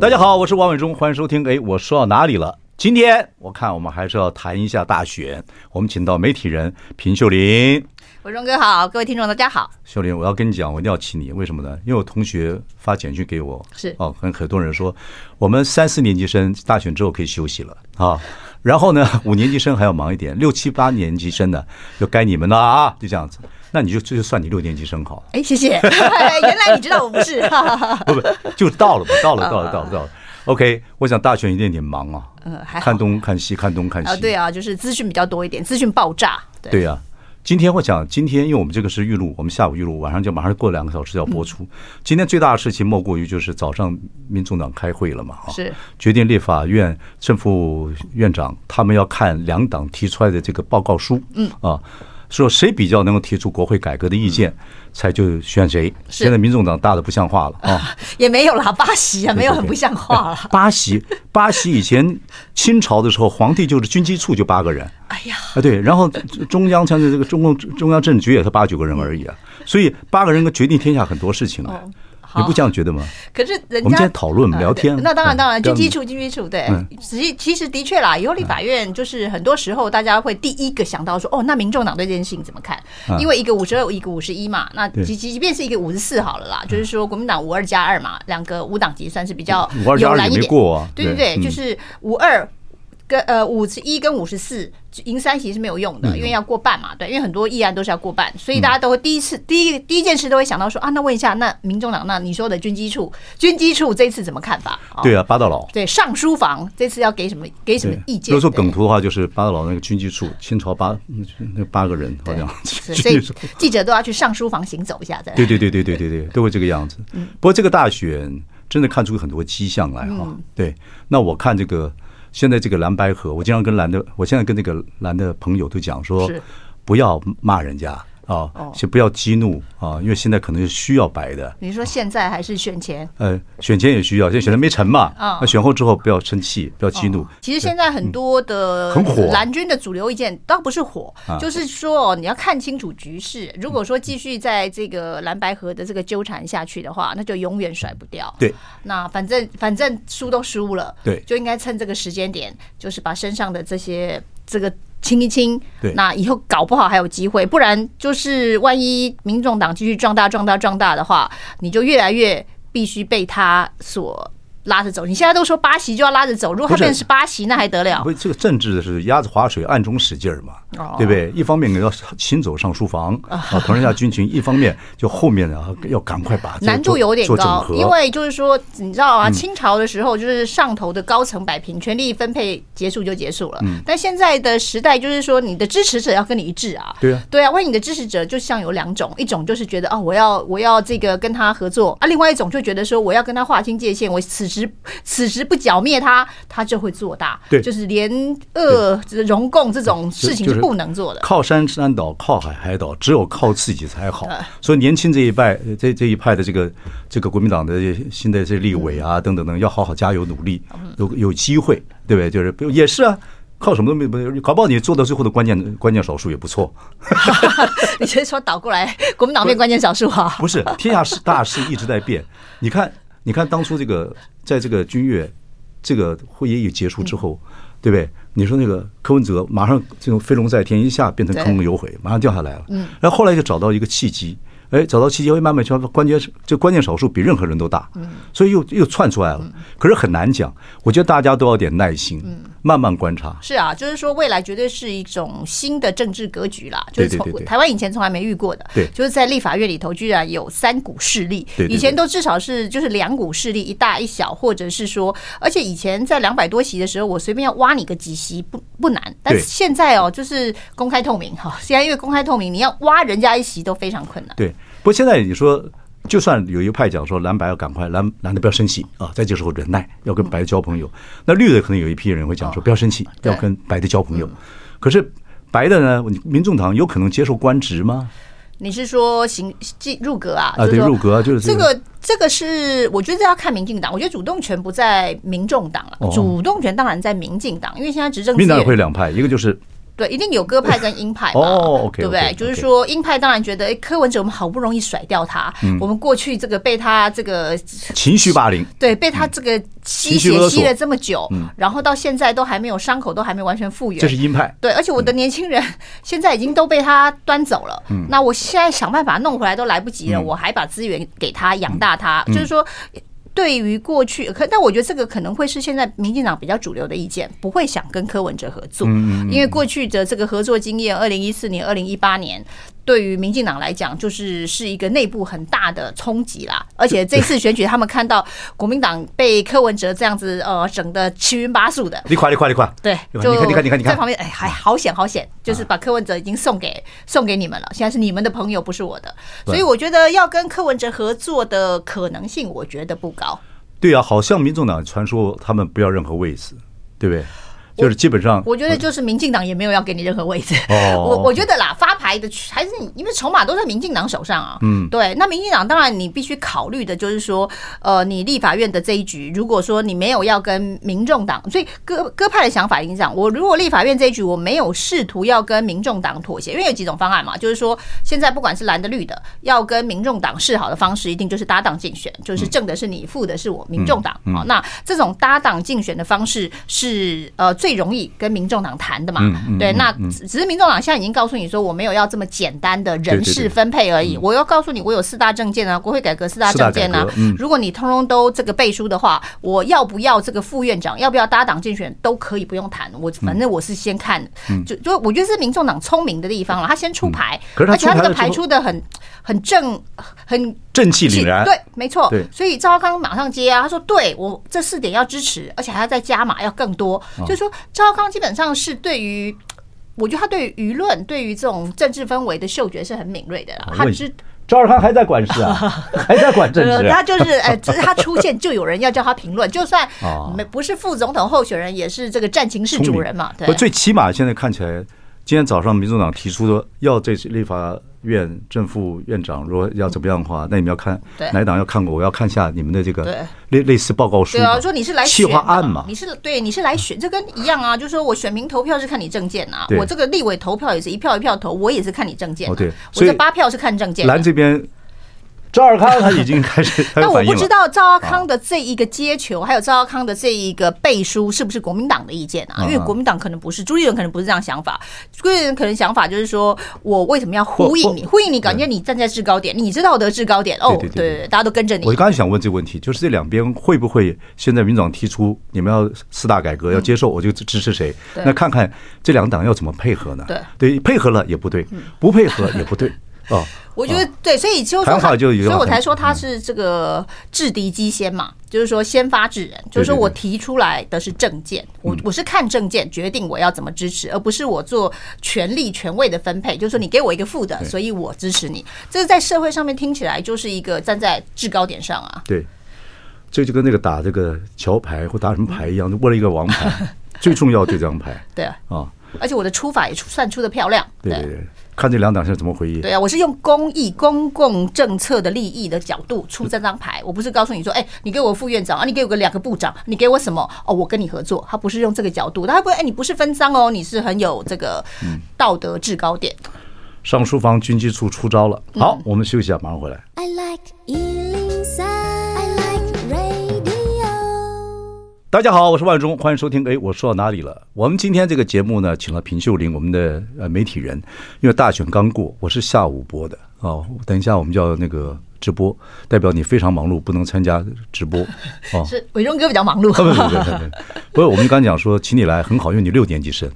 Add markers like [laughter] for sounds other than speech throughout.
大家好，我是王偉忠，歡迎收聽。哎，我說到哪裡了？今天我看我們還是要談一下大選。我們請到媒體人平秀琳。偉忠哥好，各位聽眾大家好。秀琳，我要跟你講，我一定要請你，為什麼呢？因為我同學發簡訊給我，是哦，很很多人說，我們三四年級生大選之後可以休息了啊。哦。然後呢，五年級生還要忙一點， [laughs] 六七八年級生的就該你們了啊！就這樣子，那你就這就算你六年級生好了。哎，謝謝。原來你知道我不是， [laughs] [laughs] 不不，就到了吧？到了，到了，到了，到了。OK，我想大選一定很忙啊，嗯還，看東看西，看東看西。啊、呃，對啊，就是資訊比較多一點，資訊爆炸。對，對啊。今天我想，今天因為我們這個是預錄，我們下午預錄，晚上就馬上過兩個小時要播出。今天最大的事情，莫過於就是早上民眾黨開會了嘛、啊，是決定立法院正副院長他們要看兩黨提出來的這個報告書，嗯啊。說誰比較能夠提出國會改革的意見，才就選誰。現在民眾黨大的不像話了啊！也沒有啦，八席啊，沒有很不像話了。八席，八席以前清朝的時候，皇帝就是軍機處就八個人。哎呀，啊對，然後中央像這個中共中央政治局也是八九個人而已啊，所以八個人能決定天下很多事情啊。你不這樣覺得嗎？可是人家、嗯、我們現在討論、嗯、聊天，那當然當然、嗯、就基礎，就、嗯、基礎對。實、嗯、際其實的確啦，立法院就是很多時候大家會第一個想到說，嗯、哦，那民眾黨對這件事情怎麼看？因為一個五十二，一個五十一嘛，那即即便是一個五十四好了啦、嗯，就是說國民黨五二加二嘛，兩個無黨籍算是比較有藍一點、嗯、五二加二也沒過啊。對對對，嗯、就是五二。跟呃五十一跟五十四贏三席是沒有用的、嗯，因為要過半嘛，對，因為很多議案都是要過半，所以大家都會第一次、嗯、第一第一件事都會想到說啊，那問一下那民眾黨那你說的軍機處軍機處這次怎麼看法、哦？對啊，八大佬對上書房這次要給什麼給什麼意見？如果說梗圖的話，就是八大佬那個軍機處清朝八那八個人好像對， [laughs] 所以記者都要去上書房行走一下的。對對，對對對對對對對，都會這個樣子、嗯。不過這個大選真的看出很多跡象來、嗯、哈。對，那我看這個。現在這個藍白合，我經常跟藍的，我現在跟那個藍的朋友都講說，不要罵人家。啊、哦，先不要激怒啊、哦，因為現在可能是需要白的。你說現在還是選前？呃、嗯，選前也需要，現在選的沒成嘛。啊、嗯，那、嗯、選後之後不要生氣，不要激怒、嗯。其實現在很多的很火藍軍的主流意見、嗯、倒不是火，就是說你要看清楚局勢、啊。如果說繼續在這個藍白合的這個糾纏下去的話，嗯、那就永遠甩不掉。對，那反正反正輸都輸了，對，就應該趁這個時間點，就是把身上的這些這個。清一清，對，那以後搞不好還有機會，不然就是萬一民眾黨繼續壯大、壯大、壯大的話，你就越來越必須被他所拉着走。你現在都說八席就要拉着走，如果他變成是八席，那還得了？因為這個政治的是鴨子划水，暗中使勁兒嘛。哦、對不對？一方面你要請走上書房啊，同人下軍情；一方面就後面呢，要趕快把這個難度有點高，因為就是說，你知道啊、嗯，清朝的時候就是上頭的高層擺平、嗯、權力分配結束就結束了。嗯、但現在的時代就是說，你的支持者要跟你一致啊，對啊，對啊。因為你的支持者就像有兩種，一種就是覺得啊、哦，我要我要這個跟他合作啊；另外一種就覺得說，我要跟他劃清界限，我此時此時不剿滅他，他就會做大。對，就是聯俄容共這種事情。就是不能做的，靠山山倒，靠海海倒，只有靠自己才好。所以年輕這一派，這這一派的這個這個國民黨的現在這立委啊，等等等，要好好加油努力，有有機會，對不對？就是也是啊，靠什麼都沒有，搞不好你做到最後的關鍵關鍵少數也不錯 [laughs] 。你直接說倒過來，國民黨變關鍵少數哈、啊？不是，天下事大事一直在變。 [laughs] 你看，你看當初這個，在這個君悅這個會議結束之後，對不對？你說那個柯文哲馬上就飛龍在天，一下變成亢龍有悔，馬上掉下來了。嗯，然後後來就找到一個契機。哎，找到契節會慢慢穿，關鍵這關鍵少數比任何人都大，嗯，所以又又竄出來了。可是很難講，我覺得大家都要點耐心，慢慢觀察。是啊，就是說未來絕對是一種新的政治格局啦，就是從台灣以前從來沒遇過的，就是在立法院裡頭居然有三股勢力，以前都至少是就是兩股勢力，一大一小，或者是說，而且以前在兩百多席的時候，我隨便要挖你個幾席不不難，但是現在哦，就是公開透明哈，現在因為公開透明，你要挖人家一席都非常困難。對。不過現在你說，就算有一派講說藍白要趕快藍藍的不要生氣啊，在這時候忍耐，要跟白的交朋友、嗯。那綠的可能有一批人會講說不要生氣，要跟白的交朋友、嗯。可是白的呢？民眾黨有可能接受官職嗎？你是說行入閣啊？就是、啊，對，入閣、啊、就是這個，這個、這個、是我覺得這要看民進黨。我覺得主動權不在民眾黨了、啊哦，主動權當然在民進黨，因為現在執政。民進黨也會兩派，一個就是。對，一定有鴿派跟鷹派嘛，對不對？就是說，鷹派當然覺得，哎，柯文哲我們好不容易甩掉他，嗯、我們過去這個被他這個情緒霸凌，對，被他這個吸血吸了這麼久，然後到現在都還沒有傷口、嗯，都還沒完全復原，這是鷹派。對，而且我的年輕人現在已經都被他端走了，嗯、那我現在想辦法弄回來都來不及了，嗯、我還把資源給他養大他，嗯、就是說。嗯對於過去，可但我覺得這個可能會是現在民進黨比較主流的意見，不會想跟柯文哲合作，因為過去的這個合作經驗，二零一四年、二零一八年。對於民進黨來講，就是是一個內部很大的衝擊啦。而且這次選舉，他們看到國民黨被柯文哲這樣子，呃，整得的七葷八素的，你快你快你快對，你看，你看，你看，在旁邊，哎，哎，還、哎哎、好險，好險，就是把柯文哲已經送給送給你們了。現在是你們的朋友，不是我的，所以我覺得要跟柯文哲合作的可能性，我覺得不高。對啊，好像民眾黨傳說他們不要任何位置，對不對？就是基本上，我覺得就是民進黨也沒有要給你任何位置。嗯。我我覺得啦，發牌的還是因為籌碼都在民進黨手上啊。嗯，對。那民進黨當然你必須考慮的就是說，呃，你立法院的這一局，如果說你沒有要跟民眾黨，所以各各派的想法是這樣。我如果立法院這一局我沒有試圖要跟民眾黨妥協，因為有幾種方案嘛，就是說現在不管是藍的綠的，要跟民眾黨示好的方式，一定就是搭檔競選，就是正的是你，副的是我，民眾黨啊。那這種搭檔競選的方式是呃最。最容易跟民眾黨談的嘛，對，那只是民眾黨現在已經告訴你說，我沒有要這麼簡單的人事分配而已。我要告訴你，我有四大政見啊，國會改革四大政見啊。如果你通通都這個背書的話，我要不要這個副院長，要不要搭檔競選，都可以不用談。我反正我是先看，就就我覺得是民眾黨聰明的地方了，他先出牌，而且他這個牌出得很很正很。正氣凜然，對，沒錯。對，所以趙康馬上接啊，他說：“對我這四點要支持，而且還要再加碼，要更多。哦”就是、說趙康基本上是對於，我覺得他對於輿論、對於這種政治氛圍的嗅覺是很敏銳的了、哦。他知，趙爾康還在管事啊， [laughs] 還在管政治、啊。治。 [laughs] 他就是哎，呃、只是他出現就有人要叫他評論，就算沒不是副總統候選人，也是這個戰情室主人嘛。不，對最起碼現在看起來。今天早上，民主黨提出說要這次立法院正副院長，如果要怎麼樣的話，那你們要看哪一黨要看過，我要看一下你們的這個類類似報告書對。對啊，說你是來企劃案嘛，你是對，你是來選，這跟一樣啊。就是說我選民投票是看你政見吶、啊，我這個立委投票也是一票一票投，我也是看你政見、啊。對，我這八票是看政見。藍這邊。趙少康他已經開始， [laughs] 但我不知道趙少康的這一個接球，還有趙少康的這一個背書，是不是國民黨的意見啊？因為國民黨可能不是，朱立倫可能不是這樣想法。朱立倫可能，可能想法就是說，我為什麼要呼應你？呼應你，感覺你站在制高點，你知道的制高點。哦，對、對，哦，大家都跟着你。我剛，剛想問這個問題，就是這兩邊會不會現在民眾黨提出你們要四大改革要接受，我就支持誰？那看看這兩黨要怎麼配合呢？對、嗯，配合了也不對，不配合也不對、嗯。 [laughs] 哦，我覺得對，所以就是所以我才說他是這個制敵機先嘛，就是說先發制人，就是說我提出來的是政見，我我是看政見決定我要怎麼支持，而不是我做權力權位的分配，就是說你給我一個副的，所以我支持你，這是在社會上面聽起來就是一個站在制高點上啊。對，對，這就跟那個打這個橋牌或打什麼牌一樣，握了一個王牌，最重要這張牌，對啊，而且我的出法也算出的漂亮，對，對。看這兩黨現在怎麼回應？對啊，我是用公益、公共政策的利益的角度出這張牌，我不是告訴你說，哎、欸，你給我副院長啊，你給我個兩個部長，你給我什麼？哦，我跟你合作。他不是用這個角度，他不會，哎、欸，你不是分贓哦，你是很有這個道德制高點。嗯、上書房軍機處出招了。好，我們休息一、啊、下，馬上回來。I like 大家好，我是偉忠，歡迎收聽。哎，我說到哪裡了？我們今天這個節目呢，請了平秀琳，我們的呃媒體人，因為大選剛過，我是下午播的哦，等一下，我們叫那個直播，代表你非常忙碌，不能參加直播哦 [laughs] 是偉忠哥比較忙碌。不不不，不是我們剛講說，請你來很好，因為你六年級生。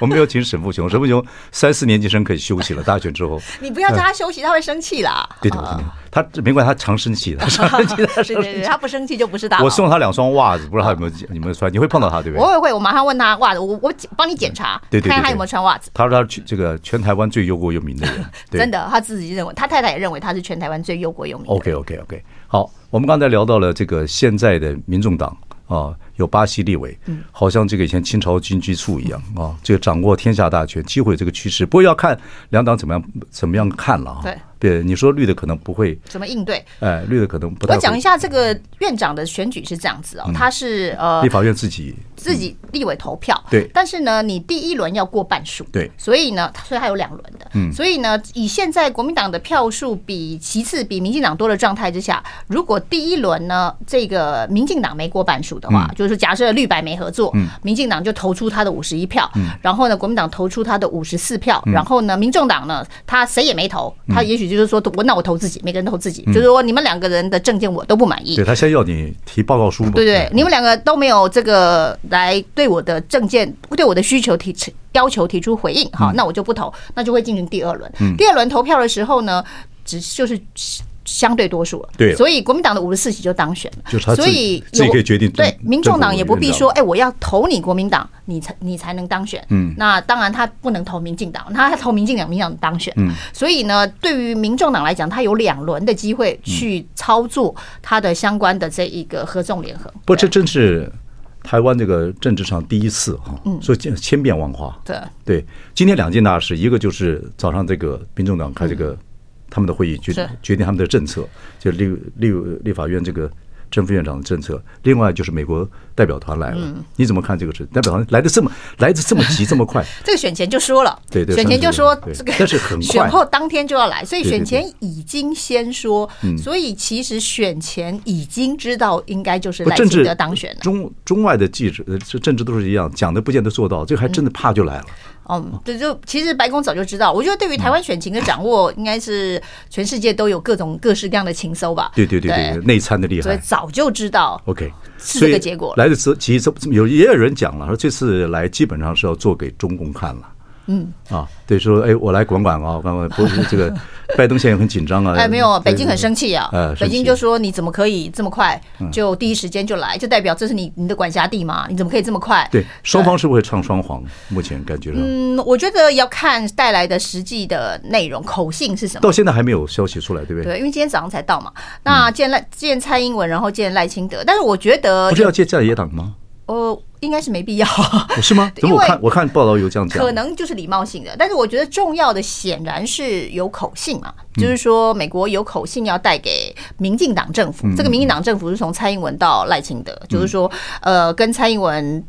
我們有請沈富雄，沈富雄三四年級生可以休息了，大選之後。呃、你不要叫他休息，他會生氣啦、呃。對的，對的，他沒管他常生氣的，生生氣 [laughs] 對對對對他不生氣就不是大。我送他兩雙襪子，不知道他有沒有， [laughs] 有沒有穿？你會碰到他，對不對？我也會，我馬上問他襪子，我我，我，我幫你檢查，看、嗯、看他有沒有穿襪子。他說他是這個全台灣最憂國憂民的人， [laughs] 真的，他自己認為，他太太也認為他是全台灣最憂國憂民。OK OK OK，好，我們剛才聊到了這個現在的民眾黨啊。呃有巴西立委，嗯，好像這個以前清朝軍機處一樣啊，這個掌握天下大權，機會這個趨勢，不過要看兩黨怎麼樣怎麼樣看了啊。對，你說綠的可能不會怎麼應對？哎、呃，綠的可能不會。我講一下這個院長的選舉是這樣子哦，嗯、他是呃，立法院自己自己立委投票，對、嗯。但是呢，你第一輪要過半數，對。所以呢，所以他有兩輪的，嗯。所以呢，以現在國民黨的票數比其次比民進黨多的狀態之下，如果第一輪呢，這個民進黨沒過半數的話，嗯、就是假設綠白沒合作，嗯、民進黨就投出他的五十一票、嗯，然後呢，國民黨投出他的五十四票、嗯，然後呢，民眾黨呢，他誰也沒投，嗯、他也許。就是說，我那我投自己，每個人投自己。嗯、就是說，你們兩個人的證件我都不滿意。對，他先要你提報告書嘛。對，對對，你們兩個都沒有這個來對我的證件、嗯、對我的需求提出要求，提出回應，好，那我就不投，那就會進行第二輪、嗯。第二輪投票的時候呢，只就是。相對多數了，對，所以國民黨的五十四席就當選了，所以也可以決定對。民眾黨也不必說，哎，我要投你國民黨，你才你才能當選。嗯，那當然他不能投民進黨，他投民進黨，民進黨當選。嗯，所以呢，對於民眾黨來講，他有兩輪的機會去操作他的相關的這一個合縱聯合。不，這正是台灣這個政治上第一次哈，嗯，所以千千變萬化。嗯、對對，今天兩件大事，一個就是早上這個民眾黨開這個。他們的會議決決定他們的政策，是就立立立法院這個正副院長的政策。另外就是美國代表團來了，嗯、你怎麼看這個事？代表團來的這麼來的這麼急、嗯，這麼快？這個選前就說了，對對，選前就說這個，但是很快，選後當天就要來，所以選前已經先說，對對對所以其實選前已經知道應該就是賴清德當選了。中中外的記者，這政治都是一樣，講的不見得做到，這個、還真的啪就來了。嗯哦，對，就其實白宮早就知道。我覺得對於台灣選情的掌握，應該是全世界都有各種各式各樣的情搜吧。對對對對，對，內參的厲害，所以早就知道。OK，是這個結果。Okay, 來的時候其實有也有人講了，說這次來基本上是要做給中共看了。嗯啊，對說，說哎，我來管管啊，剛剛不是這個 [laughs] 拜登現在很緊張啊？哎，沒有，北京很生氣啊。呃，北京就說你怎麼可以這麼快、嗯、就第一時間就來，就代表這是你你的管轄地嘛？你怎麼可以這麼快、嗯？對，雙方是不是會唱雙簧？目前感覺上嗯，我覺得要看帶來的實際的內容口信是什麼。到現在還沒有消息出來，對不對？對，因為今天早上才到嘛。那見賴、嗯、見蔡英文，然後見賴清德，但是我覺得不是要見在野黨嗎？呃、哦，應該是沒必要，是嗎？因為我看， [laughs] 我看報道有這樣，可能就是禮貌性的。但是我覺得重要的顯然是有口信嘛、嗯，就是說美國有口信要帶給民進黨政府、嗯，這個民進黨政府是從蔡英文到賴清德、嗯，就是說，呃，跟蔡英文。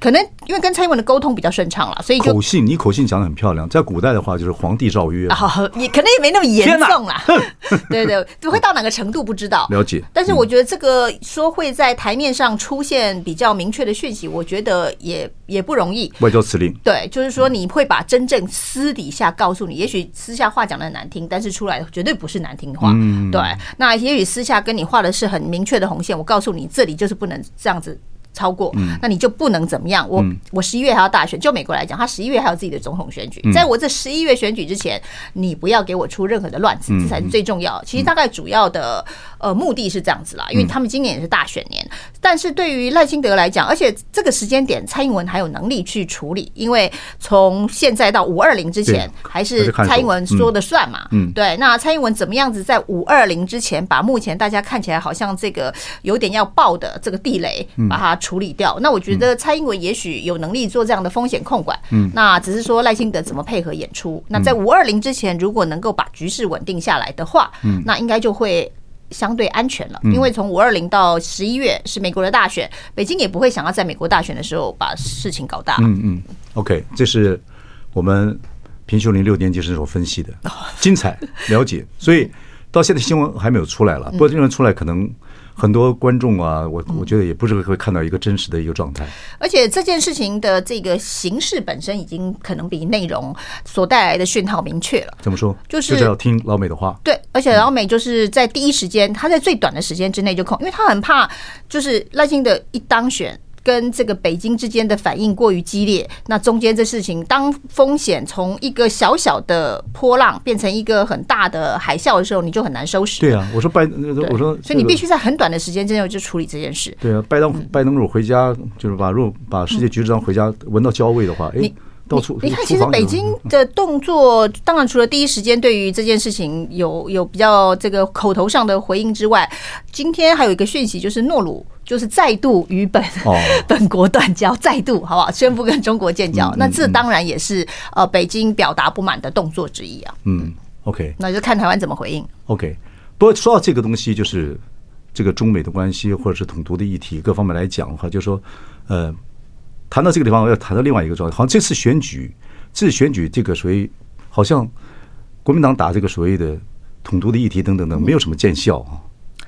可能因為跟蔡英文的溝通比較順暢了，所以就口信，你口信講得很漂亮。在古代的話，就是皇帝詔曰，啊、可能也沒那麼嚴重啦。 [laughs] [laughs] 對對對，會到哪個程度不知道。了解。但是我覺得這個說會在台面上出現比較明確的訊息，我覺得也也不容易。外交辭令。對，就是說你會把真正私底下告訴你，也許私下話講得難聽，但是出來絕對不是難聽的話。嗯。對。那也許私下跟你畫的是很明確的紅線，我告訴你，這裡就是不能這樣子。超過、嗯，那你就不能怎麼樣。我、嗯、我十一月還要大選，就美國來講，他十一月還有自己的總統選舉。嗯、在我這十一月選舉之前，你不要給我出任何的亂子，嗯、這才是最重要、嗯。其實大概主要的呃目的是這樣子啦，因為他們今年也是大選年、嗯。但是對於賴清德來講，而且這個時間點，蔡英文還有能力去處理，因為從現在到五二零之前，還是蔡英文說的算嘛、嗯。對。那蔡英文怎麼樣子在五二零之前把目前大家看起來好像這個有點要爆的這個地雷把它。處理掉。那我覺得蔡英文也許有能力做這樣的風險控管。嗯，那只是說賴清德怎麼配合演出。嗯、那在五二零之前，如果能夠把局勢穩定下來的話，嗯，那應該就會相對安全了。嗯、因為從五二零到十一月是美國的大選、嗯，北京也不會想要在美國大選的時候把事情搞大。嗯嗯，OK，這是我們平秀琳六年級時所分析的精彩了解。所以到現在新聞還沒有出來了，嗯、不過新聞出來可能。很多觀眾啊，我我覺得也不是會看到一個真實的一個狀態、嗯。而且這件事情的這個形式本身已經可能比內容所帶來的訊號明確了。怎麼說？就是就要聽老美的話。對，而且老美就是在第一時間，他、嗯、在最短的時間之內就控，因為他很怕就是賴清德一當選。跟這個北京之間的反應過於激烈，那中間這事情，當風險從一個小小的波浪變成一個很大的海嘯的時候，你就很難收拾。對啊，我說拜，我說，這個，所以你必須在很短的時間之內就處理這件事。對啊，拜登，拜登如果回家，嗯、就是把如果把世界局勢當回家聞到焦味的話，嗯、誒。你看，其實北京的動作，當然除了第一時間對於這件事情有有比較這個口頭上的回應之外，今天還有一個訊息，就是諾魯就是再度與本、哦、本國斷交，再度好不好？宣布跟中國建交、嗯，那這當然也是呃北京表達不滿的動作之一啊、嗯。嗯，OK，那就看台灣怎麼回應。OK，不過說到這個東西，就是這個中美的關係或者是統獨的議題各方面來講的話，就是說呃。談到這個地方，我要談到另外一個狀態。好像這次選舉，這次選舉，這個所謂好像國民黨打這個所謂的統獨的議題等等等，沒有什麼見效啊、嗯。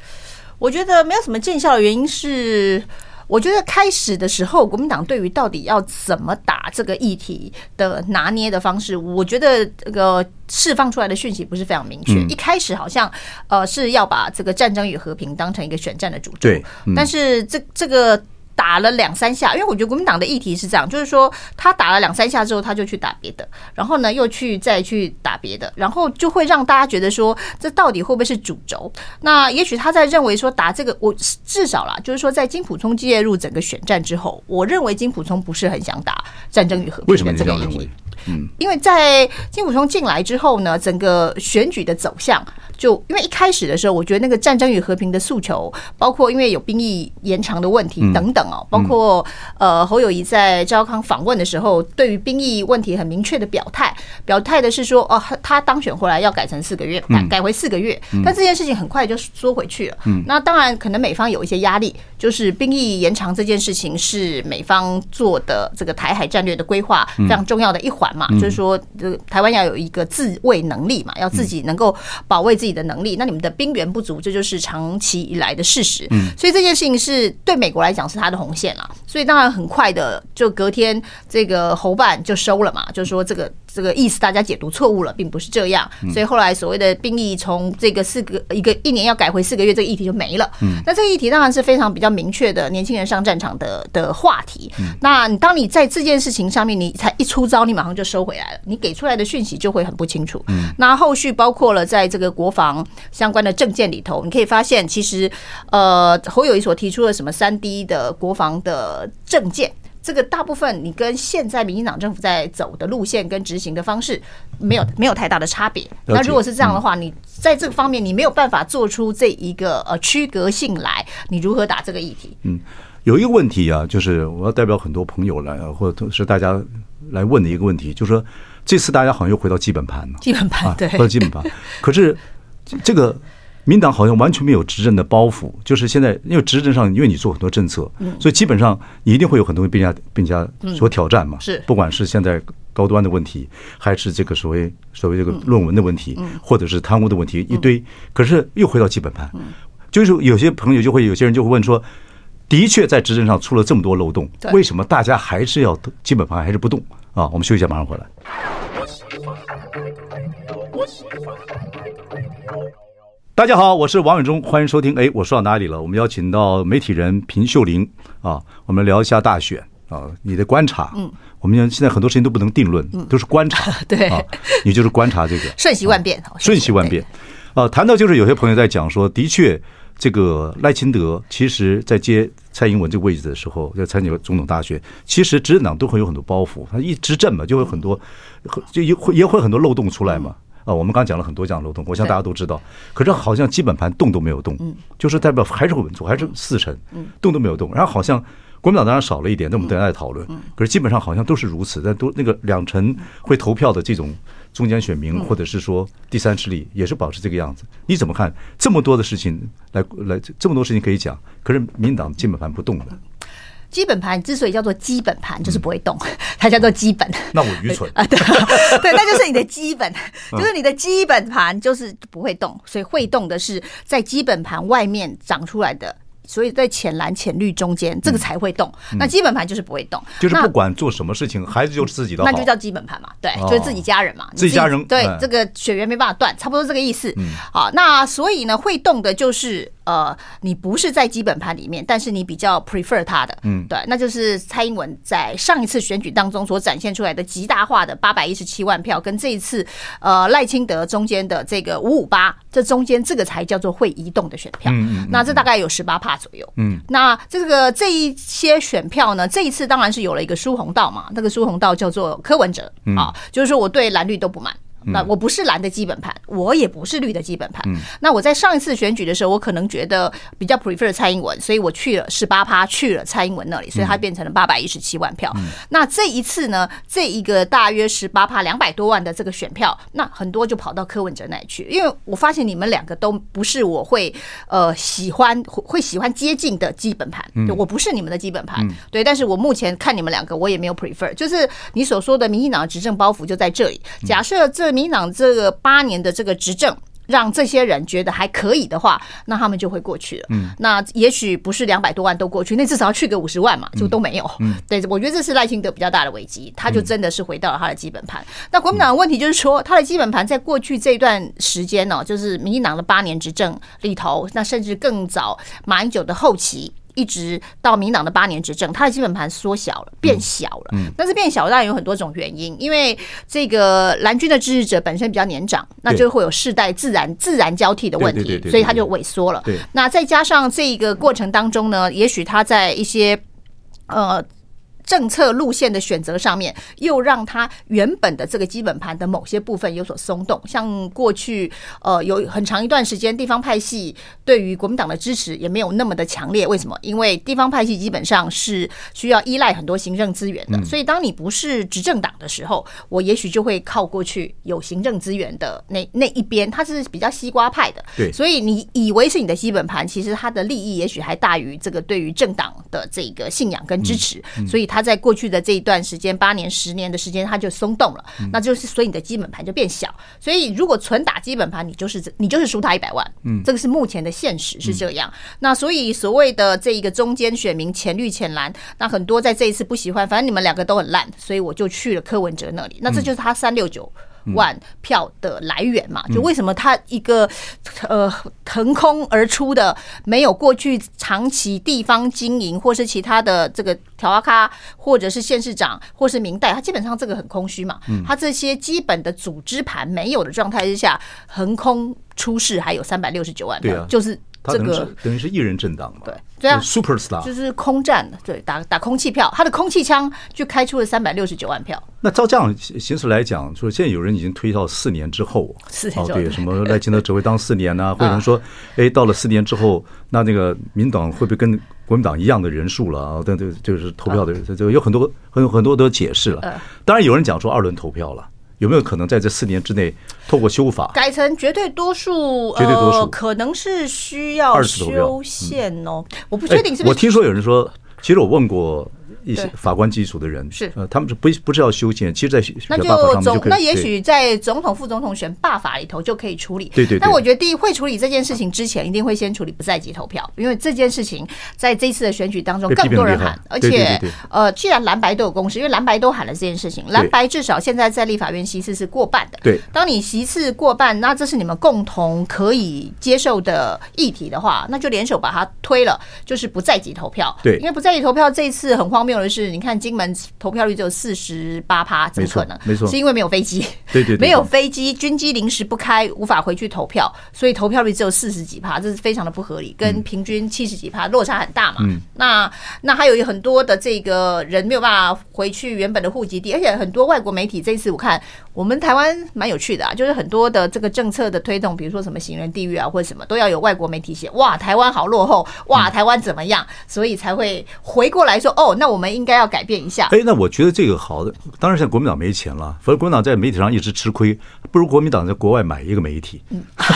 我覺得沒有什麼見效的原因是，我覺得開始的時候，國民黨對於到底要怎麼打這個議題的拿捏的方式，我覺得這個釋放出來的訊息不是非常明確、嗯。一開始好像呃是要把這個戰爭與和平當成一個選戰的主軸，對，但是這這個。打了兩三下，因為我覺得國民黨的議題是這樣，就是說他打了兩三下之後，他就去打別的，然後呢又去再去打別的，然後就會讓大家覺得說這到底會不會是主軸？那也許他在認為說打這個，我至少啦，就是說在金溥聰介入整個選戰之後，我認為金溥聰不是很想打戰爭與和平，為什麼這樣認為？嗯，因為在金溥聰進來之後呢，整個選舉的走向，就因為一開始的時候，我覺得那個戰爭與和平的訴求，包括因為有兵役延長的問題等等哦，包括呃侯友宜在昭康訪問的時候，對於兵役問題很明確的表態，表態的是說哦、啊、他當選回來要改成四個月改，改回四個月，但這件事情很快就縮回去了。那當然可能美方有一些壓力。就是兵役延長這件事情是美方做的這個台海戰略的規劃非常重要的一環嘛，就是說台灣要有一個自衛能力嘛，要自己能夠保衛自己的能力。那你們的兵源不足，這就是長期以來的事實。所以這件事情是對美國來講是它的紅線啦。所以當然很快的就隔天這個侯辦就收了嘛，就是說這個這個意思大家解讀錯誤了，並不是這樣。所以後來所謂的兵役從這個四個一個一年要改回四個月這個議題就沒了。那這個議題當然是非常比較。明確的，年輕人上戰場的的話題。那當你在這件事情上面，你才一出招，你馬上就收回來了。你給出來的訊息就會很不清楚。那後續包括了在這個國防相關的政見裡頭，你可以發現，其實呃，侯友宜所提出的什麼三 D 的國防的政見。這個大部分你跟現在民進黨政府在走的路線跟執行的方式沒有沒有太大的差別。那如果是這樣的話，你在這個方面你沒有辦法做出這一個呃區隔性來，你如何打這個議題？嗯，有一個問題啊，就是我要代表很多朋友來，或者是大家來問的一個問題，就是說，這次大家好像又回到基本盤了，基本盤對、啊，回到基本盤。 [laughs] 可是這個。民黨好像完全沒有執政的包袱，就是現在因為執政上因為你做很多政策，嗯、所以基本上你一定會有很多被家被家所挑戰嘛、嗯。是，不管是現在高端的問題，還是這個所謂所謂這個論文的問題，嗯嗯、或者是貪汙的問題，一堆、嗯。可是又回到基本盤，嗯、就是有些朋友就會有些人就會問說：的確在執政上出了這麼多漏洞，為什麼大家還是要基本盤還是不動啊？我們休息一下，馬上回來。我喜歡我喜歡大家好，我是王偉忠，歡迎收聽。哎，我說到哪裡了？我們邀請到媒體人平秀琳啊，我們聊一下大選啊，你的觀察。嗯，我們現在很多事情都不能定論，都是觀察。對，你就是觀察這個、啊。瞬、嗯、息萬變、啊，瞬息萬變。啊，啊、談到就是有些朋友在講說，的確，這個賴清德其實在接蔡英文這個位置的時候在參加總統大選，其實執政黨都會有很多包袱，他一執政嘛，就會很多，就也會也會很多漏洞出來嘛、嗯。嗯啊、呃，我們剛講了很多講漏洞，我想大家都知道。可是好像基本盤動都沒有動，就是代表還是會穩住，還是四成，動都沒有動。然後好像國民黨當然少了一點，那我們等下再討論。可是基本上好像都是如此。但都那個兩成會投票的這種中間選民，或者是說第三勢力，也是保持這個樣子。你怎麼看這麼多的事情來來這麼多事情可以講？可是民進黨基本盤不動的。基本盤之所以叫做基本盤，就是不會動，嗯、它叫做基本。那我愚蠢啊！ [laughs] 對， [laughs] [laughs] 對，那就是你的基本，嗯、就是你的基本盤，就是不會動。所以會動的是在基本盤外面長出來的。所以在淺藍、淺綠中間，這個才會動。那基本盤就是不會動，嗯，就，就是不管做什麼事情，孩子就是自己的，那就叫基本盤嘛。對，就是自己家人嘛，哦，自，自己家人。對，對，這個血緣沒辦法斷，差不多這個意思，嗯。好，那所以呢，會動的就是呃，你不是在基本盤裡面，但是你比較 prefer 他的。嗯，對，那就是蔡英文在上一次選舉當中所展現出來的極大化的八百一十七萬票，跟這一次呃賴清德中間的這個五五八，這中間這個才叫做會移動的選票。嗯嗯，嗯，那這大概有十八趴，左右，嗯，那這個這一些選票呢，這一次當然是有了一個疏洪道嘛，那個疏洪道叫做柯文哲啊，就是說我對藍綠都不滿。那我不是藍的基本盤，我也不是綠的基本盤、嗯。那我在上一次選舉的時候，我可能覺得比較 prefer 蔡英文，所以我去了十八趴，去了蔡英文那裡，所以它變成了八百一十七萬票、嗯嗯。那這一次呢，這一個大約十八趴兩百多萬的這個選票，那很多就跑到柯文哲那裡去。因為我發現你們兩個都不是我會呃喜歡會會喜歡接近的基本盤，就我不是你們的基本盤、嗯嗯。對，但是我目前看你們兩個，我也沒有 prefer。就是你所說的民進黨執政包袱就在這裡。假設這民進黨這個八年的這個執政，讓這些人覺得還可以的話，那他們就會過去了。嗯，那也許不是兩百多萬都過去，那至少要去個五十萬嘛，就都沒有。嗯，嗯對，我覺得這是賴清德比較大的危機，他就真的是回到了他的基本盤、嗯。那國民黨的問題就是說，他的基本盤在過去這一段時間呢、哦，就是民進黨的八年執政裡頭，那甚至更早馬英九的後期。一直到民進黨的八年執政，它的基本盤縮小了，變小了。但是變小當然有很多種原因，因為這個藍軍的支持者本身比較年長，那就會有世代自然對對對對對對對自然交替的問題，所以它就萎縮了。那再加上這個過程當中呢，也許他在一些呃。政策路線的選擇上面，又讓他原本的這個基本盤的某些部分有所鬆動。像過去，呃，有很長一段時間，地方派系對於國民黨的支持也沒有那麼的強烈。為什麼？因為地方派系基本上是需要依賴很多行政資源的。嗯、所以，當你不是執政黨的時候，我也許就會靠過去有行政資源的那那一邊，他是比較西瓜派的。對。所以你以為是你的基本盤，其實他的利益也許還大於這個對於政黨的這個信仰跟支持。嗯嗯、所以他。他在過去的這一段時間，八年、十年的時間，他就鬆動了、嗯，那就是所以你的基本盤就變小。所以如果純打基本盤，你就是你就是輸他一百萬，嗯，這個是目前的現實是這樣、嗯。那所以所謂的這一個中間選民，淺綠、淺藍，那很多在這一次不喜歡，反正你們兩個都很爛，所以我就去了柯文哲那裡。那這就是他三六九。萬、嗯、票的來源嘛，就為什麼他一個呃橫空而出的，沒有過去長期地方經營或是其他的這個調啊卡或者是縣市長或是民代，他基本上這個很空虛嘛、嗯，他這些基本的組織盤沒有的狀態之下，橫空出世還有三百六十九萬票，對啊、就是。他等於是等於是一人政黨嘛，對，這樣 super star 就是空戰，對，打打空氣票，他的空氣槍就開出了三百六十九萬票。那照這樣形式來講，就是現在有人已經推到四年之後，四年哦，哦、對，對，什麼賴清德只會當四年呢？會有人說，哎，到了四年之後，那那個民黨會不會跟國民黨一樣的人數了？啊，對對，就是投票的，就有很多很多很多的解釋了、嗯。當然有人講說二輪投票了。有沒有可能在這四年之內，透過修法改成絕對多數？絕、呃、可能是需要修憲哦、嗯。我不確定是不是。我聽說有人說，其實我問過。一些法官基礎的人是、呃，他們是不不知道修建，其實在那就總就那也許在總統副總統選罷法裡頭就可以處理。對對，對。但我覺得第一會處理這件事情之前，一定會先處理不在籍投票，因為這件事情在這次的選舉當中更多人喊，對對對對，而且呃，既然藍白都有共識，因為藍白都喊了這件事情，藍白至少現在在立法院席次是過半的。對。當你席次過半，那這是你們共同可以接受的議題的話，那就聯手把它推了，就是不在籍投票。對。因為不在籍投票這一次很荒謬。有的是，你看金門投票率只有四十八趴，怎麼可能？沒錯，是因為沒有飛機，對對，沒有飛機，軍機臨時不開，無法回去投票，所以投票率只有四十幾趴，這是非常的不合理，跟平均七十幾趴落差很大嘛。那那還有很多的這個人沒有辦法回去原本的戶籍地，而且很多外國媒體這次我看。我們台灣蠻有趣的啊，就是很多的這個政策的推動，比如說什麼行人地獄啊，或者什麼都要有外國媒體寫哇，台灣好落後哇，台灣怎麼樣？所以才會回過來說，哦，那我們應該要改變一下。哎，那我覺得這個好的，當然現在國民黨沒錢了，所以國民黨在媒體上一直吃虧，不如國民黨在國外買一個媒體，嗯。 [laughs]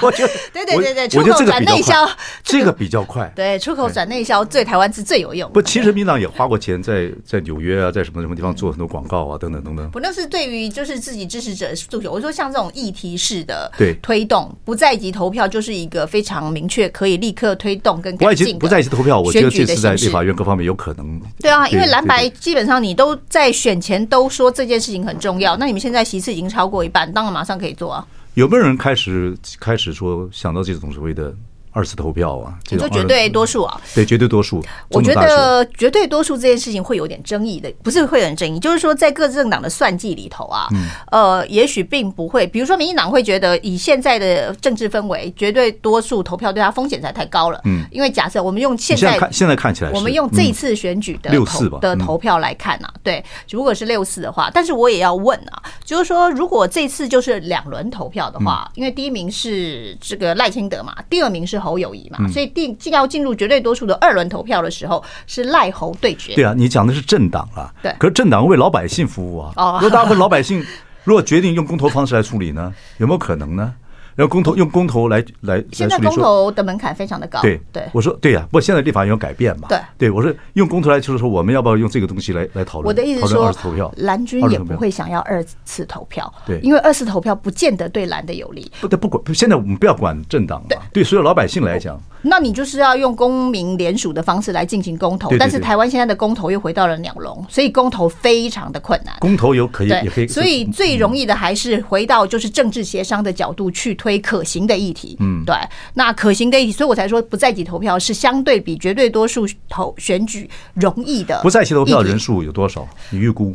我覺得笑對對對對，出口轉內銷，這個比較快。對，出口轉內銷對台灣是最有用。不，其實國民黨也花過錢在在紐約啊，在什麼什麼地方做很多廣告啊，嗯，等等等等。不，那是對於就是。是自己支持者訴求。我說像這種議題式的推動，對，不在籍投票就是一個非常明確，可以立刻推動跟改進。不在籍投票，我覺得這次在立法院各方面有可能。對啊，因為藍白基本上你都在選前都說這件事情很重要，對對對，那你們現在席次已經超過一半，當然馬上可以做啊。有沒有人開始開始說想到這種所謂的？二次投票啊，就絕對多數啊？對，絕對多數。我覺得絕對多數這件事情會有點爭議的，不是會很爭議，就是說在各自政黨的算計裡頭啊，呃，也許並不會。比如說，民進黨會覺得以現在的政治氛圍，絕對多數投票對他風險才太高了。嗯，因為假設我們用現在看，現在看起來，我們用這一次選舉的六四吧的投票來看啊，對，如果是六四的話，但是我也要問啊，就是說如果這次就是兩輪投票的話，因為第一名是這個賴清德嘛，第二名是。侯友宜嘛，所以第進要進入絕對多數的二輪投票的時候，是賴侯對決。對啊，你講的是政黨啊，對。可是政黨為老百姓服務啊。哦。如果大部分老百姓如果決定用公投方式來處理呢，有沒有可能呢？然後公投用公投來來，現在公投的門檻非常的高。對，對我說對呀、啊，不過現在立法有改變嘛？對，對我說用公投來就是說我們要不要用這個東西來來討論？我的意思是說，二次投票藍軍也不會想要二次投票，對，因為二次投票不見得對藍的有利。不，不管不現在我們不要管政黨了，對所有老百姓來講。那你就是要用公民聯署的方式來進行公投，對對對，但是台灣現在的公投又回到了鳥籠，所以公投非常的困難。公投有可以，對也可以，所以最容易的還是回到就是政治協商的角度去推可行的議題。嗯，對，那可行的議題，所以我才說不在籍投票是相對比絕對多數投選舉容易的。不在籍投票的人數有多少？你預估？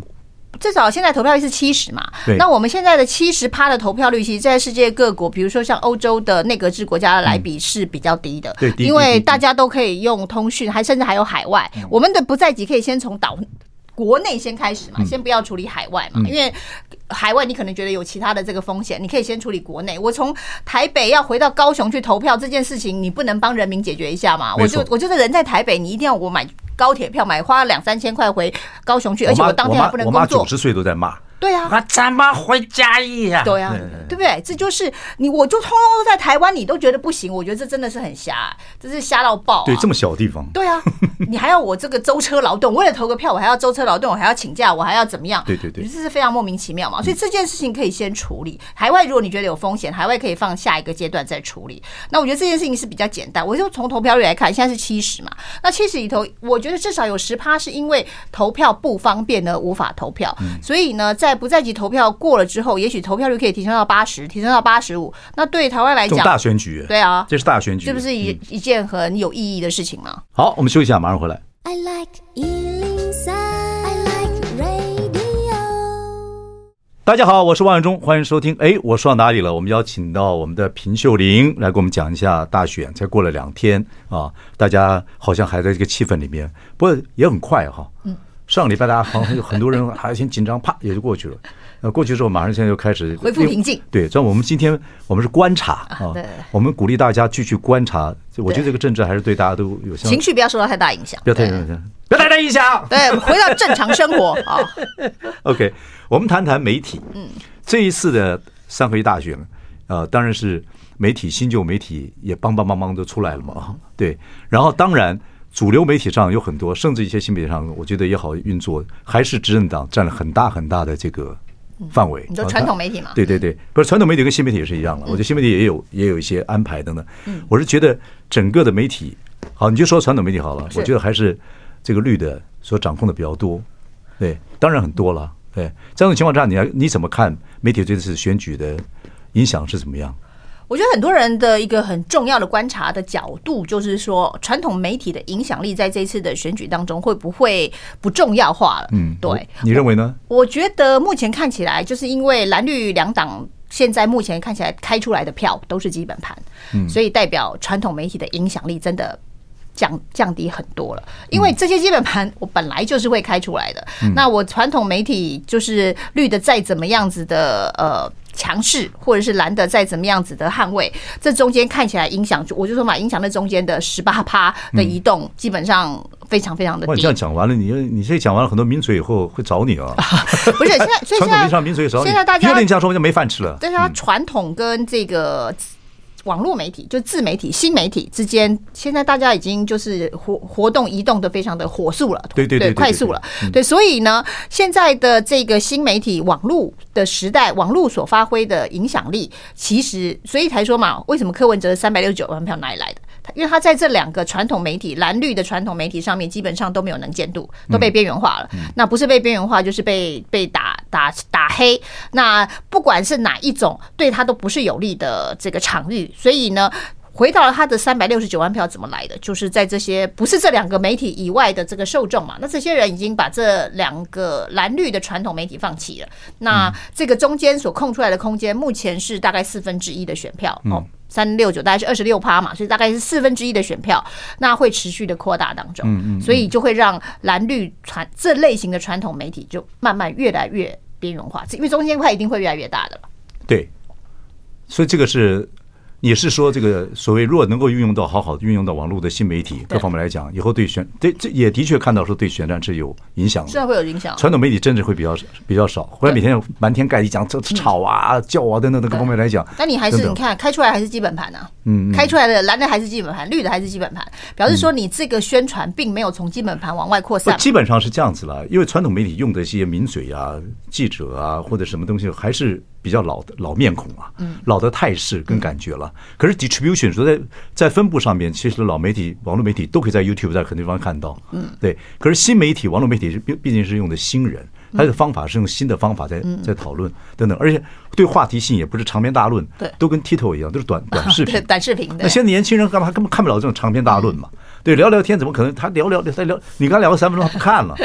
至少現在投票率是七十嘛？對。那我們現在的七十趴的投票率，其實在世界各國，比如說像歐洲的內閣制國家來比是比較低的、嗯。對。因為大家都可以用通訊，還甚至還有海外。我們的不在籍可以先從島國內先開始嘛、嗯，先不要處理海外嘛、嗯，因為海外你可能覺得有其他的這個風險，你可以先處理國內。我從台北要回到高雄去投票這件事情，你不能幫人民解決一下嘛？我就我就是人在台北，你一定要我買。高鐵票買花了兩三千塊回高雄去，而且我當天還不能工作。我對啊，我怎麼回家一下？對啊對對對對，對不對？這就是你，我就通通都在台灣，你都覺得不行，我覺得這真的是很瞎，這是瞎到爆、啊。對，這麼小的地方。對啊， [laughs] 你還要我這個舟車勞頓？為了投個票，我還要舟車勞頓，我還要請假，我還要怎麼樣？對對對，這是非常莫名其妙嘛。所以這件事情可以先處理。海、嗯、外如果你覺得有風險，海外可以放下一個階段再處理。那我覺得這件事情是比較簡單。我就從投票率來看，現在是七十嘛。那七十裡頭，我覺得至少有十趴是因為投票不方便而無法投票。嗯、所以呢，在不在籍投票過了之後，也許投票率可以提升到八十，提升到八十五。那對台灣來講，大選舉對啊，這是大選舉，是不是一、嗯、一件很有意義的事情嗎？好，我們休息一下，馬上回來。I like, I like radio、大家好，我是王偉忠，歡迎收聽。哎，我說到哪裡了？我們邀請到我們的平秀琳來給我們講一下大選。才過了兩天啊，大家好像還在這個氣氛裡面，不過也很快哈、啊。嗯。 [laughs] 上個禮拜，大家好像有很多人還挺緊張，啪也就過去了。那過去之後，馬上現在又開始恢復平靜。對，所以我們今天，我們是觀察啊，我們鼓勵大家繼續觀察。我覺得這個政治還是對大家都有情緒，不要受到太大影響，不要太大影響，不要太大影響。對，回到正常生活啊。 [laughs] [laughs] [laughs] OK，我們談談媒體。嗯，這一次的三合一大選，啊、呃，當然是媒體，新舊媒體也幫幫忙忙就出來了嘛。對，然後當然。主流媒體上有很多，甚至一些新媒體上，我覺得也好運作，還是執政黨佔了很大很大的這個範圍。嗯、你說傳統媒體嗎？啊、對對對，不是傳統媒體跟新媒體也是一樣的、嗯。我覺得新媒體也有也有一些安排等等、嗯。我是覺得整個的媒體，好，你就說傳統媒體好了，我覺得還是這個綠的所掌控的比較多。對，當然很多了。對，這樣的情況下，你要你怎麼看媒體這次選舉的影響是怎麼樣？我覺得很多人的一個很重要的觀察的角度，就是說，傳統媒體的影響力在這次的選舉當中會不會不重要化了？嗯，對、哦、你認為呢？我覺得目前看起來，就是因為藍綠兩黨現在目前看起來開出來的票都是基本盤，所以代表傳統媒體的影響力真的降降低很多了。因為這些基本盤我本來就是會開出來的，那我傳統媒體就是綠的再怎麼樣子的呃，強勢或者是難得再怎麼樣子的捍衛，這中間看起來影響，我就說嘛，影響那中間的十八趴的移動，基本上非常非常的、嗯。你這樣講完了，你你這講完了，很多名嘴以後會找你啊。啊不是現在，所以現在現在大家，你這樣說不就沒飯吃了？但是他傳統跟這個。網絡媒體就自媒體、新媒體之間，現在大家已經就是活活動、移動的非常的火速了，對對對，對，對，對，快速了，嗯，對，所以呢，現在的這個新媒體網絡的時代，網絡所發揮的影響力，其實，所以才說嘛，為什麼柯文哲三百六十九萬票哪裡來的？因為他在這兩個傳統媒體藍綠的傳統媒體上面，基本上都沒有能見度，都被邊緣化了。嗯嗯。那不是被邊緣化，就是被被打打打黑。那不管是哪一種，對他都不是有利的這個場域。所以呢，回到了他的三百六十九萬票怎麼來的，就是在這些不是這兩個媒體以外的這個受眾嘛。那這些人已經把這兩個藍綠的傳統媒體放棄了。那這個中間所空出來的空間，目前是大概四分之一的選票。嗯哦三六九大概是二十六趴嘛，所以大概是四分之一的選票，那會持續的擴大當中，所以就會讓藍綠傳這類型的傳統媒體就慢慢越來越邊緣化，因為中間塊一定會越來越大的。對，所以這個是。你是說這個所謂，如果能夠運用到、好好運用到網絡的新媒體各方面來講，以後對選、對，這也的確看到說，對選戰是有影響，自然會有影響。傳統媒體政治會比較，比較少，回來每天滿天蓋地講吵啊、啊、叫啊等等各方面來講。那你還是，你看開出來還是基本盤呢？嗯嗯，開出來的藍的還是基本盤，綠的還是基本盤，表示說你這個宣傳並沒有從基本盤往外擴散。基本上是這樣子了，因為傳統媒體用的一些名嘴啊、記者啊或者什麼東西還是。比較老的老面孔了，嗯，老的態勢跟感覺了。可是 distribution 說在在分布上面，其實老媒體、網絡媒體都可以在 YouTube 在很多地方看到，嗯，對。可是新媒體、網絡媒體是畢畢竟是用的新人，他的方法是用新的方法在在討論等等，而且對話題性也不是長篇大論，對，都跟 TikTok 一樣，都是短短視頻、短視頻。那現在年輕人幹嘛，他根本看不了這種長篇大論嘛？對，聊聊天怎麼可能？他聊聊再聊，你剛聊了三分鐘，他不看了，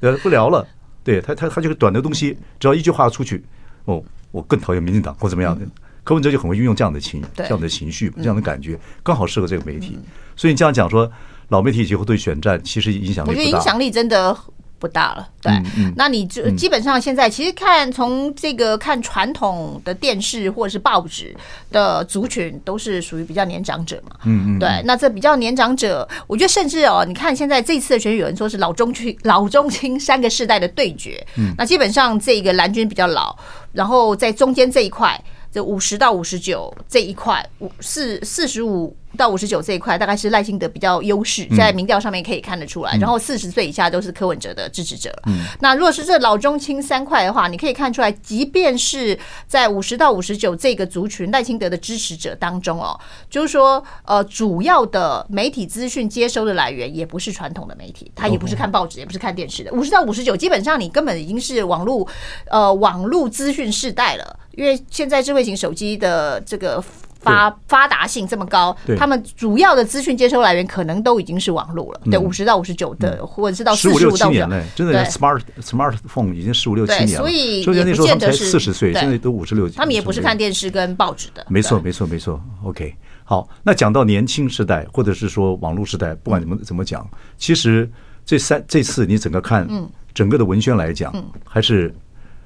呃，不聊了。對他他他，他就是短的東西，只要一句話出去。哦，我更討厭民進黨或怎麼樣的，嗯、柯文哲就很會運用這樣的情、這樣的情緒、這樣的感覺，剛、嗯、好適合這個媒體。所以你這樣講說，老媒體以後對選戰其實影響我覺得影響力真的，不大了對。嗯，對、嗯，那你就基本上現在其實看從這個看傳統的電視或者是報紙的族群都是屬於比較年長者嘛。嗯，嗯嗯，對，那這比較年長者，我覺得甚至哦，你看現在這次的選舉有人說是老中青、老中青三個世代的對決，嗯，那基本上這個藍軍比較老，然後在中間這一塊就五十到五十九這一塊五四四十五。到五十九這一塊，大概是賴清德比較優勢，在民調上面可以看得出來。然後四十歲以下都是柯文哲的支持者。那如果是這老中青三塊的話，你可以看出來，即便是在五十到五十九這個族群，賴清德的支持者當中哦，就是說，呃，主要的媒體資訊接收的來源也不是傳統的媒體，他也不是看報紙，也不是看電視的。五十到五十九，基本上你根本已經是網路，呃，網路資訊世代了，因為現在智慧型手機的這個。發發達性這麼高，他們主要的資訊接收來源可能都已經是網絡了。對，嗯，五十到五十九的、嗯，或者是到四十五到五年，真的 smart smartphone 已經十五六七年了，所以那時候他們才四十歲，現在都五十六。他們也不是看電視跟報紙的，沒錯，沒錯，沒錯。OK，好，那講到年輕時代，或者是說網絡時代，不管你們怎麼怎麼講，其實這三這次你整個看，嗯，整個的文宣來講、嗯，還是。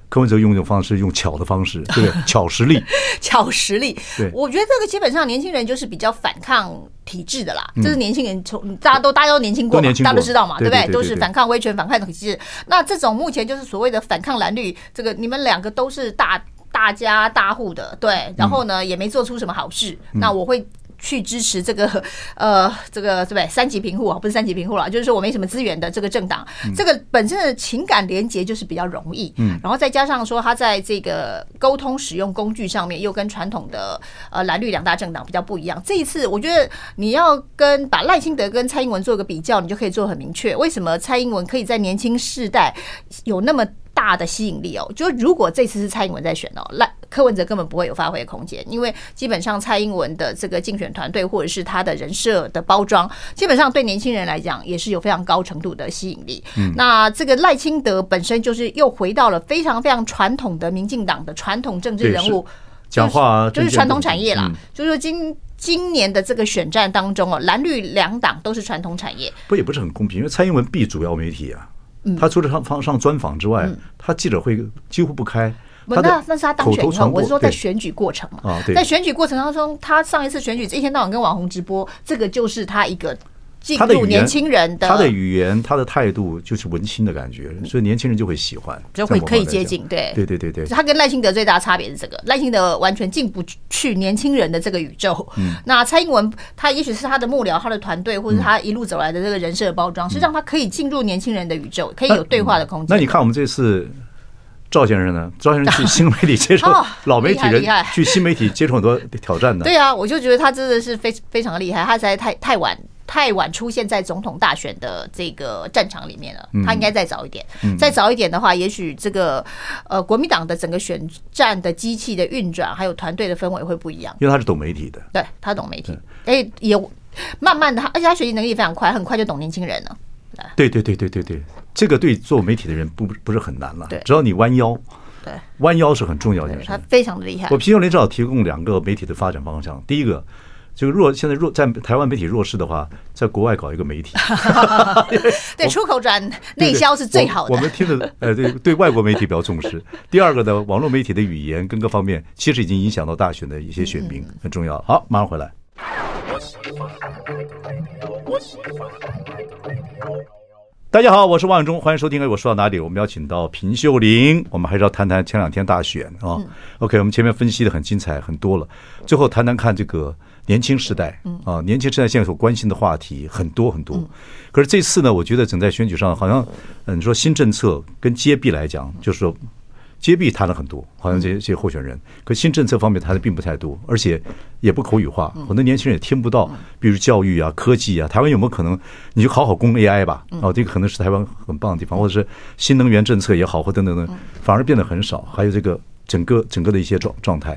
柯文哲用一種方式，用巧的方式，對，巧實力， [laughs] 巧實力。對，我覺得這個基本上年輕人就是比較反抗體制的啦。這是年輕人從大家都大家都年輕過嘛，大家都知道嘛，對不對？都是反抗威權，反抗體制。那這種目前就是所謂的反抗藍綠，這個你們兩個都是大大家大戶的，對。然後呢，也沒做出什麼好事。那我會。去支持這個呃，這個對不對，三級貧戶啊，不是三級貧戶了，就是說我沒什麼資源的這個政黨，嗯，這個本身的情感連結就是比較容易，嗯，然後再加上說他在這個溝通使用工具上面又跟傳統的呃藍綠兩大政黨比較不一樣，這一次我覺得你要跟把賴清德跟蔡英文做個比較，你就可以做很明確，為什麼蔡英文可以在年輕世代有那麼大的吸引力哦？就如果這次是蔡英文在選哦，賴。柯文哲根本不會有發揮的空間，因為基本上蔡英文的這個競選團隊或者是他的人設的包裝，基本上對年輕人來講也是有非常高程度的吸引力。嗯，那這個賴清德本身就是又回到了非常非常傳統的民進黨的傳統政治人物，講話就是傳統產業啦。就是說今今年的這個選戰當中啊，藍綠兩黨都是傳統產業、嗯，不也不是很公平，因為蔡英文必主要媒體啊，他除了上上專訪之外，他記者會幾乎不開。那那是他當選之後。我是說在選舉過程嘛，在選舉過程當中，他上一次選舉一天到晚跟網紅直播，這個就是他一個進入年輕人的。他的語言，他的態度，就是文青的感覺，所以年輕人就會喜歡，就會可以接近。對，對，對，對，對，他跟賴清德最大的差別是這個，賴清德完全進不去年輕人的這個宇宙。嗯。那蔡英文他也許是他的幕僚，他的團隊，或是他一路走來的這個人設的包裝，是讓他可以進入年輕人的宇宙，可以有對話的空間。嗯。那你看我們這次。趙先生呢？趙先生去新媒體接觸，老媒體人去新媒體接觸很多挑戰的、哦。對啊，我就覺得他真的是非非常厲害，他實在太太晚太晚出現在總統大選的這個戰場裡面了。他應該再早一點，嗯嗯、再早一點的話，也許這個呃國民黨的整個選戰的機器的運轉，還有團隊的氛圍會不一樣。因為他是懂媒體的，對他懂媒體，哎，也慢慢的，而且他學習能力也非常快，很快就懂年輕人了。對對對對對對。這個對做媒體的人不不是很難了，只要你彎腰，對，彎腰是很重要的事。的。他非常的厲害。我平秀琳至少提供兩個媒體的發展方向。第一個，就弱現在弱在台灣媒體弱勢的話，在國外搞一個媒體， [laughs] 對， [laughs] 對出口轉內銷是最好的。對對我，我們聽的呃對對外國媒體比較重視。 [laughs] 第二個呢，網絡媒體的語言跟各方面，其實已經影響到大選的一些選民，嗯、很重要。好，馬上回來。嗯大家好，我是王偉忠，歡迎收聽。哎，我說到哪裡？我們邀請到平秀琳，我們還是要談談前兩天大選啊。OK，我們前面分析的很精彩，很多了。最後談談看這個年輕時代啊，年輕時代現在所關心的話題很多很多。可是這次呢，我覺得整在選舉上，好像嗯，你說新政策跟接臂來講，就是說。接臂談了很多，好像這些這些候選人，可新政策方面談的並不太多，而且也不口語化，很多年輕人也聽不到。比如教育啊、科技啊，台灣有沒有可能？你就好好攻 AI 吧，哦，這個可能是台灣很棒的地方，或者是新能源政策也好，或等等等，等，反而變得很少。還有這個整個整個的一些狀狀態。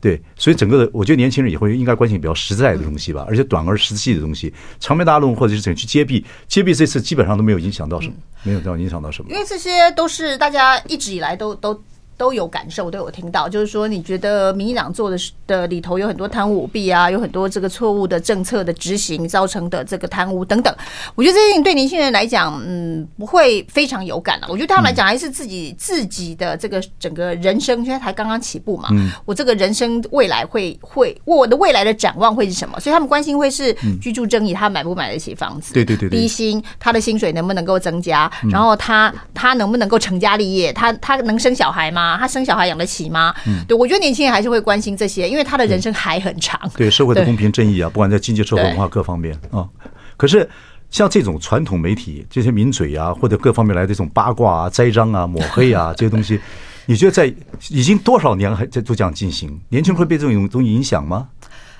對，所以整個的，我覺得年輕人以後應該關心比較實在的東西吧、嗯，而且短而實際的東西，長篇大論或者是怎樣去揭秘，揭秘這次基本上都沒有影響到什麼，沒、嗯、有，沒有到影響到什麼，因為這些都是大家一直以來都都。都有感受，都有聽到，就是說，你覺得民進黨做的的裡頭有很多貪污舞弊啊，有很多這個錯誤的政策的執行造成的這個貪污等等。我覺得這些對年輕人來講，嗯，不會非常有感啊。我覺得他們來講，還是自己自己的這個整個人生現在才剛剛起步嘛。嗯，我這個人生未來會會，我的未來的展望會是什麼？所以他們關心會是居住正義、嗯，他買不買得起房子？對對對，對，低薪，他的薪水能不能夠增加？然後他他能不能夠成家立業？他他能生小孩嗎？啊，他生小孩養得起嗎？嗯、對，我覺得年輕人還是會關心這些，因為他的人生還很長。對，對社會的公平正義啊，不管在經濟、社會、文化各方面啊、嗯。可是像這種傳統媒體，這些名嘴啊，或者各方面來的這種八卦啊、栽贓啊、抹黑啊 [laughs] 這些東西，你覺得在已經多少年還在都這樣進行？年輕人會被這種種影響嗎？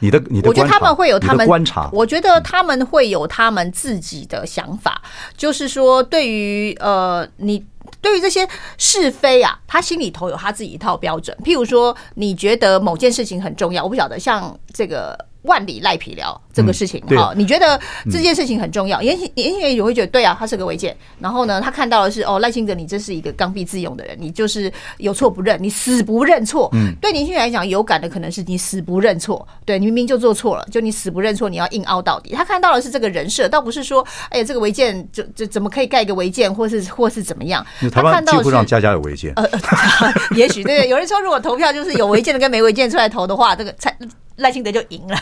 你的你的，我覺得他們會有他們觀察，我覺得他們會有他們自己的想法，嗯、就是說，對於呃你。對於這些是非啊，他心裡頭有他自己一套標準。譬如說，你覺得某件事情很重要，我不曉得像這個萬里賴皮寮。這個事情哈、嗯，你覺得這件事情很重要？年輕年輕人也會覺得對啊，他是個違建。然後呢，他看到的是哦，賴清德，你真是一個剛愎自用的人，你就是有錯不認，你死不認錯。嗯，對年輕人來講，有感的可能是你死不認錯，對，你明明就做錯了，就你死不認錯，你要硬凹到底。他看到的是這個人設，倒不是說哎呀，這個違建就就怎麼可以蓋一個違建，或是或是怎麼樣？他看到的是台灣幾乎讓家家有違建。呃呃、也許對，有人說，如果投票就是有違建的跟沒違建出來投的話，這、那個才賴清德就贏了。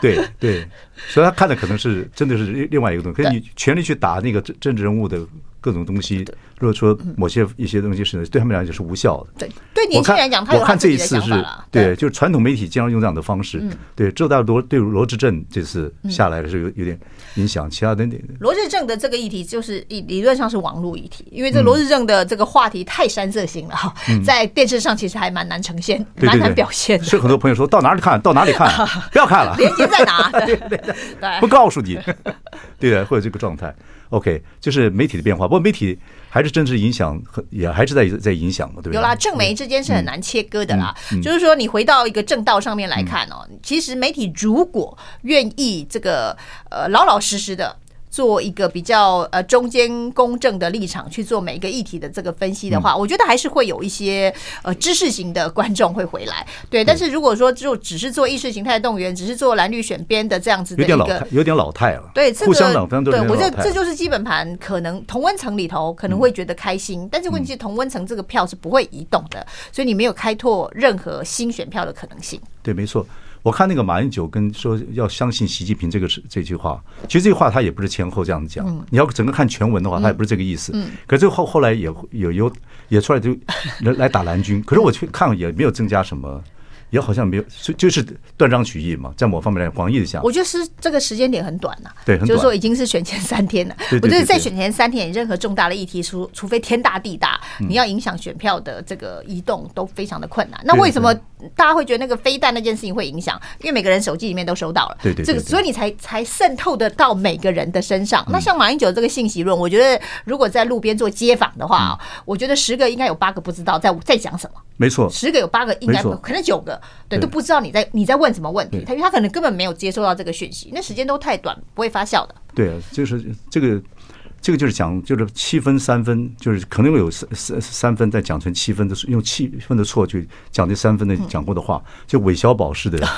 對對。 [laughs] 所以，他看的可能是真的是另外一個東西。可是你全力去打那個政治人物的各種東西，如果說某些一些東西是對他們來講是無效的，對對年輕人來講，我看這一次是對，就是傳統媒體經常用這樣的方式。對，浙大羅對羅智正這次下來的是有有點。影響其他等等的羅日正的這個議題，就是理理論上是網絡議題，因為這羅日正的這個話題太煽色腥了哈，嗯，在電視上其實還蠻難呈現，嗯，蠻難，難表現。是很多朋友說到哪裡看，到哪裡看，不要看了，鏈接在哪？ [laughs] 對對對，對，不告訴你，對、對、對、對、對、對、對、對會有這個狀態。OK，就是媒體的變化。不過媒體還是政治影響，也還是在在影響嘛，對不對？有啦，政媒之間是很難切割的啦。嗯、就是說，你回到一個正道上面來看哦、嗯，其實媒體如果願意這個呃老老實實的。做一個比較呃中間公正的立場去做每一個議題的這個分析的話，嗯、我覺得還是會有一些呃知識型的觀眾會回來。對，對。但是如果說就只是做意識形態動員，只是做藍綠選邊的這樣子的一個，有點老態，有點老態了，啊。對，這個互相當多，啊，對，我覺得這就是基本盤，可能同溫層裡頭可能會覺得開心，嗯、但是問題是同溫層這個票是不會移動的，嗯，所以你沒有開拓任何新選票的可能性。對，沒錯。我看那個馬英九跟說要相信習近平這個是這句話，其實這句話他也不是前後這樣講、嗯。你要整個看全文的話，他也不是這個意思。嗯，嗯，可是這後後來也也有，有也出來就來打藍軍、嗯，可是，我去看也沒有增加什麼，嗯、也好像沒有，就是斷章取義嘛，在某方面來廣義的想，我覺得是這個時間點很短吶、啊，對很，就是說已經是選前三天了。對對對對，我覺得在選前三天，任何重大的議題除除非天大地大，嗯、你要影響選票的這個移動都非常的困難。對對對，那為什麼？大家會覺得那個飛彈那件事情會影響，因為每個人手機裡面都收到了，這個，所以你才才滲透的到每個人的身上。那像馬英九這個信息論，我覺得如果在路邊做街訪的話，嗯，我覺得十個應該有八個不知道在在講什麼，沒錯，十個有八個應該沒有，可能九個對，對，都不知道你在你在問什麼問題，他因為他可能根本沒有接收到這個訊息，那時間都太短，不會發酵的。對啊，就是這個。這個就是講，就是七分三分，就是肯定會有三三三分再講成七分的，用七分的錯去講這三分的講過的話，就韋小寶似的、嗯，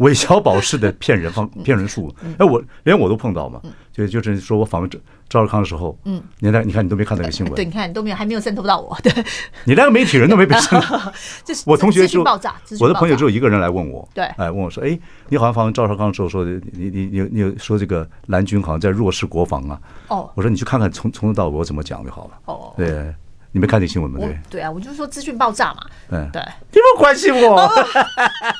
韋小寶似， [laughs] 似的騙人方騙人術。哎，我連我都碰到嘛、嗯。嗯就就是說我訪問趙趙少康的時候，嗯，你在你看你都沒看到這個新聞、呃，對，你看你都沒有，還沒有滲透到我，對，你連個媒體人都沒被滲透，我同學就爆炸，爆炸，我的朋友只有一個人來問我，對，哎，問我說，哎，你好像訪問趙少康的時候說，你你你你說這個藍軍好像在弱勢國防啊，哦，我說你去看看從從頭到尾我怎麼講就好了，哦，對。你沒看見新聞嗎？對對？對對啊，我就是說資訊爆炸嘛。嗯，對，你不關心我，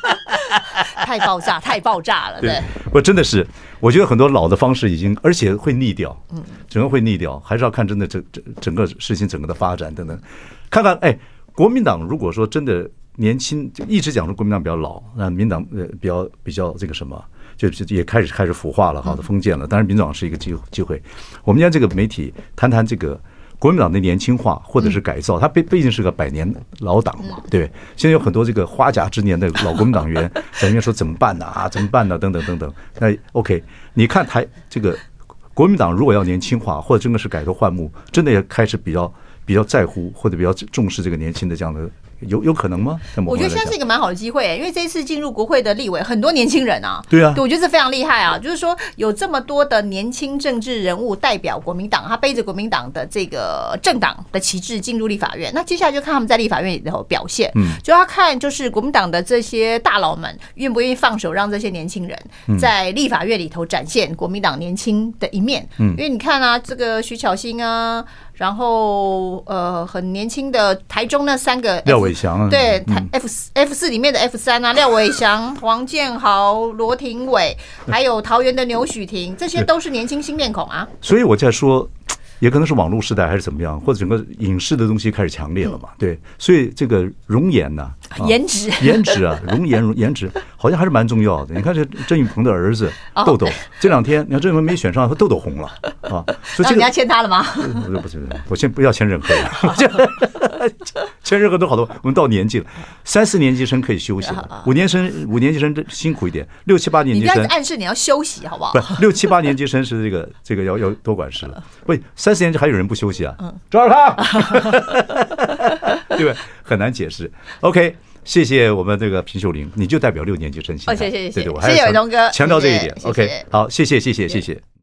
[laughs] 太爆炸，太爆炸了對。對，我真的是，我覺得很多老的方式已經，而且會膩掉，嗯，整個會膩掉，還是要看真的整整整個事情整個的發展等等。看看，哎，國民黨如果說真的年輕，就一直講說國民黨比較老，那民黨呃比較比較，比較這個什麼，就就也開始開始腐化了，好的，封建了。當然，民黨是一個機機會，嗯。我們先這個媒體談談這個。國民黨的年輕化，或者是改造，他畢畢竟是個百年老黨嘛，對。現在有很多這個花甲之年的老國民黨員在說：“怎麼辦呢？啊，怎麼辦呢？啊？”等等等等。那 OK，你看台這個國民黨如果要年輕化，或者真的是改頭換面，真的也開始比較比較在乎或者比較重視這個年輕的這樣的。有有可能嗎？我覺得現在是一個蠻好的機會欸，因為這一次進入國會的立委很多年輕人啊，對啊對，我覺得這非常厲害啊，就是說有這麼多的年輕政治人物代表國民黨，他背着國民黨的這個政黨的旗幟進入立法院，那接下來就看他們在立法院裡頭表現，嗯，就要看就是國民黨的這些大佬們願不願意放手讓這些年輕人在立法院裡頭展現國民黨年輕的一面，嗯，因為你看啊，這個徐巧芯啊。然後，呃，很年輕的台中那三個 F，廖偉翔啊，對台 F F 四裡面的 F 三啊，嗯，廖偉翔、黃健豪、羅廷瑋，還有桃園的牛煦庭，這些都是年輕新面孔啊。所以我在說。也可能是網絡時代還是怎麼樣，或者整個影視的東西開始強烈了嘛？對，所以這個容顏吶，顏值，顏值啊，容顏，顏值好像還是蠻重要的。你看這鄭宇鵬的兒子豆豆、哦，這兩天你看鄭宇鵬沒選上，他豆豆紅了啊，就這個你要簽他了嗎、呃？不是不不是，我先不要簽任何人，簽任何都好多。我們到年紀了，三四年級生可以休息，五年生五年級生辛苦一點，六七八年級生你要暗示你要休息好不好？ [laughs] 不，六七八年級生是這個這個要要多管事了，喂，三。時間就還有人不休息啊？抓住他，他 [laughs] [laughs] 對，很難解釋。OK，謝謝我們這個平秀琳，你就代表六年級生寫。謝謝謝謝謝謝，我還要強調這一點。謝謝 OK，謝謝 okay 謝謝謝謝謝謝好，謝謝謝謝謝謝。謝謝